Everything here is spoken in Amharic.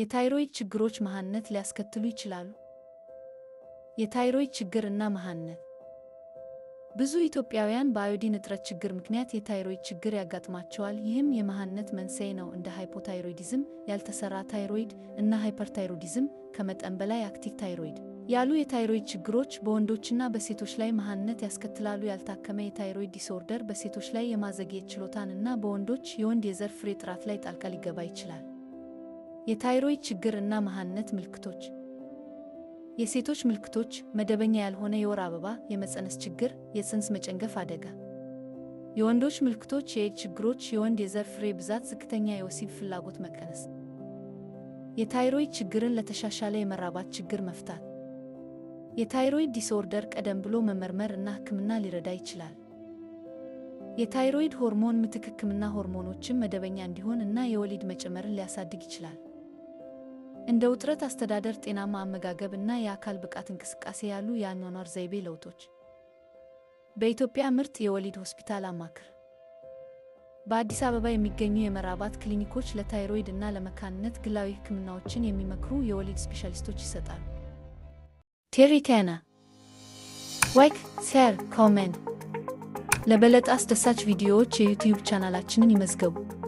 የታይሮይድ ችግሮች መሃንነት ሊያስከትሉ ይችላሉ። የታይሮይድ ችግር እና መሃንነት ብዙ ኢትዮጵያውያን በአዮዲን እጥረት ችግር ምክንያት የታይሮይድ ችግር ያጋጥማቸዋል። ይህም የመሃንነት መንስኤ ነው። እንደ ሃይፖታይሮይዲዝም፣ ያልተሰራ ታይሮይድ እና ሃይፐርታይሮይዲዝም፣ ከመጠን በላይ አክቲቭ ታይሮይድ ያሉ የታይሮይድ ችግሮች በወንዶችና በሴቶች ላይ መሃንነት ያስከትላሉ። ያልታከመ የታይሮይድ ዲስኦርደር በሴቶች ላይ የማዘግየት ችሎታን እና በወንዶች የወንድ የዘር ፍሬ ጥራት ላይ ጣልቃ ሊገባ ይችላል። የታይሮይድ ችግር እና መሃንነት ምልክቶች የሴቶች ምልክቶች መደበኛ ያልሆነ የወር አበባ፣ የመፀነስ ችግር፣ የፅንስ መጨንገፍ አደጋ። የወንዶች ምልክቶች የኤድ ችግሮች፣ የወንድ የዘር ፍሬ ብዛት፣ ዝቅተኛ የወሲብ ፍላጎት መቀነስ። የታይሮይድ ችግርን ለተሻሻለ የመራባት ችግር መፍታት። የታይሮይድ ዲስኦርደር ቀደም ብሎ መመርመር እና ሕክምና ሊረዳ ይችላል። የታይሮይድ ሆርሞን ምትክ ሕክምና ሆርሞኖችን መደበኛ እንዲሆን እና የወሊድ መጨመርን ሊያሳድግ ይችላል። እንደ ውጥረት አስተዳደር፣ ጤናማ አመጋገብ እና የአካል ብቃት እንቅስቃሴ ያሉ የአኗኗር ዘይቤ ለውጦች። በኢትዮጵያ ምርጥ የወሊድ ሆስፒታል አማክር። በአዲስ አበባ የሚገኙ የመራባት ክሊኒኮች ለታይሮይድ እና ለመካንነት ግላዊ ሕክምናዎችን የሚመክሩ የወሊድ ስፔሻሊስቶች ይሰጣሉ። ቴሪ ከና ዋይክ ሴር ኮመን ለበለጠ አስደሳች ቪዲዮዎች የዩቲዩብ ቻናላችንን ይመዝገቡ።